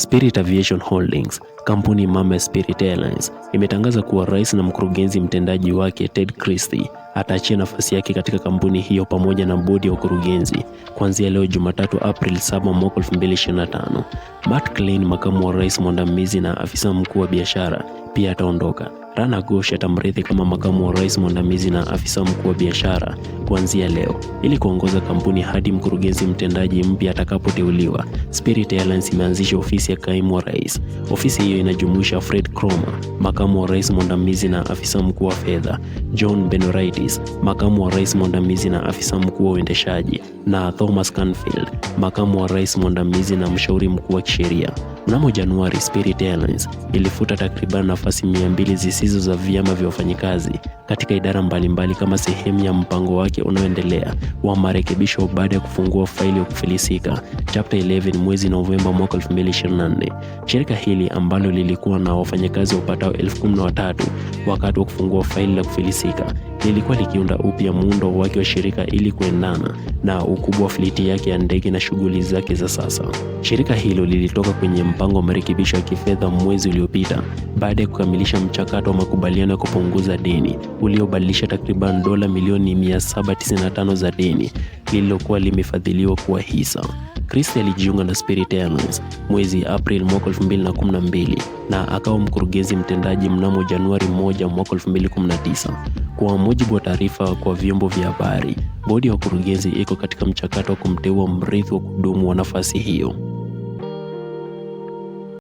Spirit Aviation Holdings, kampuni mama ya Spirit Airlines, imetangaza kuwa rais na mkurugenzi mtendaji wake Ted Christie ataachia nafasi yake katika kampuni hiyo pamoja na bodi ya ukurugenzi kuanzia leo Jumatatu April 7 mwaka 2025. Matt Klein, makamu wa rais mwandamizi na afisa mkuu wa biashara, pia ataondoka. Rana Ghosh atamrithi kama makamu wa rais mwandamizi na afisa mkuu wa biashara kuanzia leo ili kuongoza kampuni hadi mkurugenzi mtendaji mpya atakapoteuliwa. Spirit Airlines imeanzisha ofisi ya kaimu wa rais. Ofisi hiyo inajumuisha Fred Cromer, makamu wa rais mwandamizi na afisa mkuu wa fedha, John Benoitis, makamu wa rais mwandamizi na afisa mkuu wa uendeshaji, na Thomas Canfield, makamu wa rais mwandamizi na mshauri mkuu wa kisheria. Mnamo Januari, Spirit Airlines ilifuta takriban nafasi 200 zisizo za vyama vya wafanyikazi katika idara mbalimbali kama sehemu ya mpango wake unaoendelea wa marekebisho baada ya kufungua faili ya kufilisika Chapter 11 mwezi Novemba mwaka 2024. Shirika hili ambalo lilikuwa na wafanyakazi wapatao elfu kumi na watatu wakati wa kufungua faili la kufilisika lilikuwa likiunda upya muundo wake wa shirika ili kuendana na ukubwa wa fliti yake ya ndege na shughuli zake za sasa. Shirika hilo lilitoka kwenye mpango wa marekebisho ya kifedha mwezi uliopita baada ya kukamilisha mchakato wa makubaliano ya kupunguza deni uliobadilisha takriban dola milioni 795 za deni lililokuwa limefadhiliwa kuwa hisa. Chris alijiunga na Spirit Airlines mwezi April mwaka 2012 na akawa mkurugenzi mtendaji mnamo Januari 1 mwaka 2019. Kwa mujibu wa taarifa kwa vyombo vya habari, bodi ya wakurugenzi iko katika mchakato wa kumteua mrithi wa kudumu wa nafasi hiyo.